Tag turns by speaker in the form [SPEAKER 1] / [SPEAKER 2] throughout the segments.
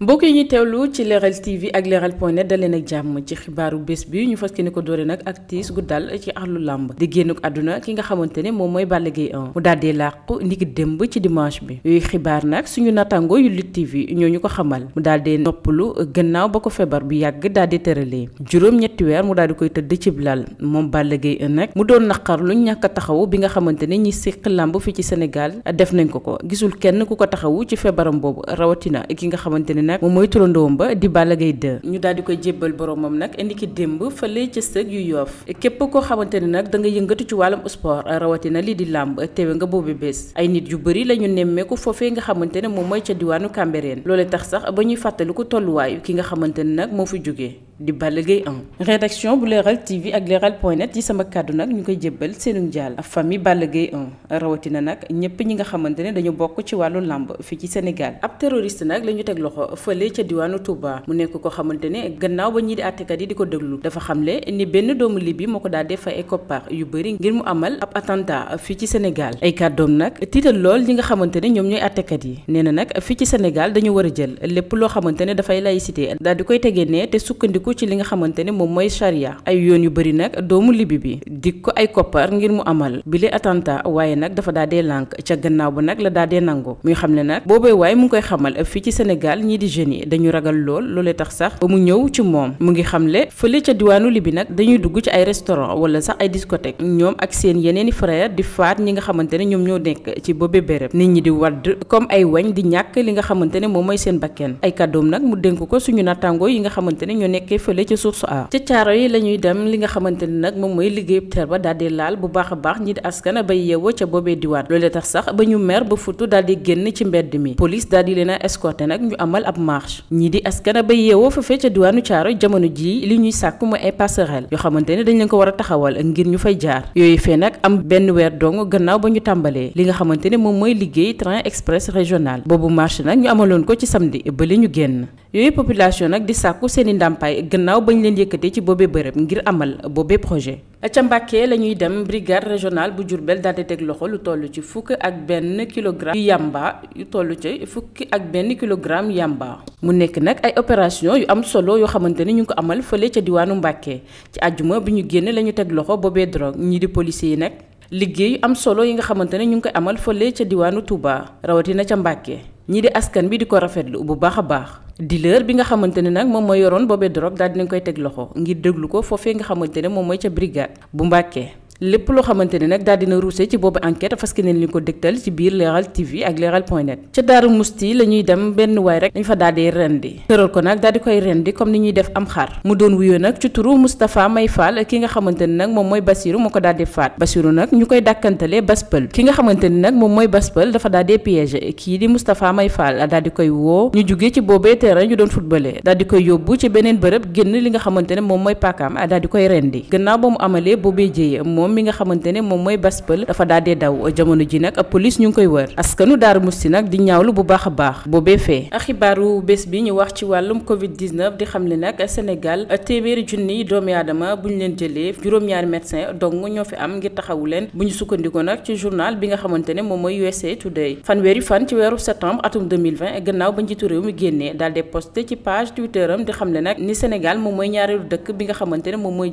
[SPEAKER 1] mbokk yi ñu teewlu ci Leral TV ak Leral.net daleen ak jàmm ci xibaaru bés bi ñu fas ne ko doore nag ak tiis gu dal ci àllu làmb di génnuk àdduna ki nga xamante ne moom mooy Balla Gaye 1 mu daal di làqu niki démb ci dimanche bi xibaar nag suñu natango yu Lutte TV ñoo ñu ko xamal mu daal di noppalu gannaaw ba ko feebar bu yàgg daal di tëralee juróom weer mu daal di koy tëdd ci lal moom Balla Gaye 1 nag mu doon naqar lu ñàkk a taxawu bi nga xamante ne ñi siq làmb fii ci Sénégal def nañ ko ko gisul kenn ku ko taxawu ci feebaram boobu rawatina ki nga xamante nag moom mooy turandoom ba di bala Gaye 2 ñu daal di koy jébbal boromam nag indi ki démb fa fële ca sëg yu yoof képp koo xamante ne nag da nga yëngatu ci wàllum sport rawatina lii di làmb teewe nga boobu bés ay nit yu bëri la ñu nemmeeku foofe nga xamante ne moom mooy ca diwaanu Cambérène loolee tax sax ba ñuy fàttaliku tolluwaayu ki nga xamante ne nag moo fi jógee di Balla Gaye 1 rédaction bu leeral TV ak leeral point net yi sama kàddu nag ñu koy jébbal seenu jaal famille Balla Gaye 1 rawatina nag ñëpp ñi nga xamante ne dañu bokk ci wàllu làmb fii ci Sénégal ab terroriste nag la ñu teg loxo fële ca diwaanu Touba mu nekk ko xamante ne gannaaw ba ñii di àttekat yi di ko déglu dafa xamle ni benn doomu Libi moo ko daal def ay koppar yu bëri ngir mu amal ab attentat fii ci Sénégal ay kàddoom nag tiital lool ñi nga xamante ne ñoom ñooy àttekat yi nee nag fii ci Sénégal dañu war a jël lépp loo xamante ne dafay laïcité sukkandiku ci li nga xamante ne moom mooy charia ay yoon yu bëri nag doomu libi bi dik ko ay koppar amal bi li waaye nag dafa daa dee lànk ca gannaaw ba nag la daa dee nangu muy xam ne nag boobee waaye mu ngi koy xamal fii ci Sénégal ñii di jeunes yi dañu ragal lool loolee tax sax ba mu ñëw ci moom mu ngi xamle fële ca diwaanu libi nag dañuy dugg ci ay restaurant wala sax ay discothèque ñoom ak seen yeneeni frère di faat ñi nga xamante ne ñoom ñoo nekk ci boobee béréb nit ñi di wadd comme ay wañ di ñàkk li nga xamante ne moom mooy seen bakken ay kàddoom nag mu dénk ko suñu nattangoo yi nga xamante ñoo nekk nekkee fële ci source a ca caaro yi la dem li nga xamante ni nag moom mooy liggéeyub ba daal di laal bu baax a baax ñi di askan bay yeewoo ca boobee diwaan loolee tax sax ba ñu mer ba di génn ci mbedd mi police daal a escorté nag ñu amal ab marche ñi di askan bay yeewoo fafee ca diwaanu caaro jamono jii li ñuy sàkk mooy ay passerelle yoo xamante ne dañ leen ko war a taxawal ngir ñu fay jaar yooyu fee nag am benn weer dong gannaaw ba ñu tàmbalee li nga xamante ne moom mooy liggéey train express régional boobu marche nag ñu amaloon ko ci samedi ba li ñu génn yooyu population nag di sàkku seeni ndàmpaay gannaaw bañ leen yëkkatee ci boobe bërëb ngir amal boobe projet. ca Mbàkke la ñuy dem brigade régionale bu jur daal di teg loxo lu tollu ci fukk ak benn kilo yu yamba yu toll ci fukki ak benn kilogramme yamba. mu nekk nag ay opération yu am solo yoo xamante ni ñu ngi ko amal fële ca diwaanu Mbàkke ci àjjuma bi ñu génn la ñu teg loxo boobee drogue ñii di policiers yi nag liggéey yu am solo yi nga xamante ne ñu ngi koy amal fële ca diwaanu Touba rawatina ca Mbàkke. ñii di askan bi di ko rafetlu bu baax a baax dealer bi nga xamante ne nag moom mooy yoroon boobee drogue daal dinañ koy teg loxo ngir déglu ko foofee nga xamante ne moom mooy ca brigade bu Mbàkke lépp loo xamante nag daal dina ruuse ci boobu enquête fas ki neen ñu ko dégtal ci biir leeral tv ak leeral point net ca daaru musti la dem benn waay rek dañ fa daal rendi tëral ko nag daal koy rendi comme ni ñuy def am xar mu doon wuyoo ki nga xamante ne nag moom mooy Basiru moo ko daal di faat Basiru nag ñu koy dàkkantalee Baspel ki nga xamante moom mooy Baspel dafa daal di piégé kii di Moustapha May Fall daal koy woo ñu jugee ci boobee terrain ñu doon footballé daal di koy yóbbu ci beneen bërëb génn li nga xamante ne moom mooy paakaam daal di koy rendi gannaaw ba mu amalee boobee jéye moom mi nga xamante ne moom mooy Bass Peul dafa daal dee daw jamono ji nag police ñu ngi koy wër askanu Daaru Musti nag di ñaawlu bu baax a baax boobee fee xibaaru bés bi ñu wax ci wàllum covid 19 di xam ne nag Sénégal téeméeri junni doomi aadama bu ñu leen jëlee juróom-ñaari médecin dong ñoo fi am ngir taxawu leen bu ñu sukkandikoo nag ci journal bi nga xamante ne moom mooy USA Today fanweeri fan ci weeru septembre atum 2020 ba njiitu réew mi génnee daal di posté ci page bi nga xamante ne moom mooy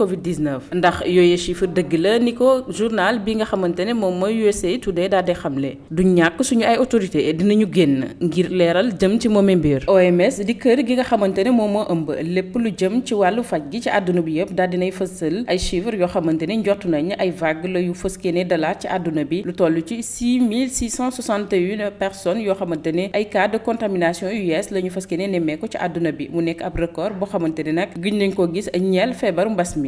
[SPEAKER 1] Covid 19. ndax yooyu chiffre dëgg la ni ko journal bi nga xamante ne moom mooy USA Today daal di xamle du ñàkk suñu ay autorité dina ñu génn ngir leeral jëm ci moome mbir. OMS di kër gi nga xamante ne moom moo ëmb lépp lu jëm ci wàllu faj gi ci àdduna bi yëpp daal dinay fësal ay chiffres yoo xamante ne njort nañ ay vague la yu fëskee ne dalaat ci àdduna bi lu toll ci six mille six cent soixante et une personnes yoo xamante ne ay cas de contamination yu yees la ñu fëskee ne nemmee ko ci àdduna bi mu nekk ab record xamante ne nag gëj ko gis mbas mi.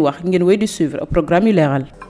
[SPEAKER 1] wax ngeen wéy di suivre programme yu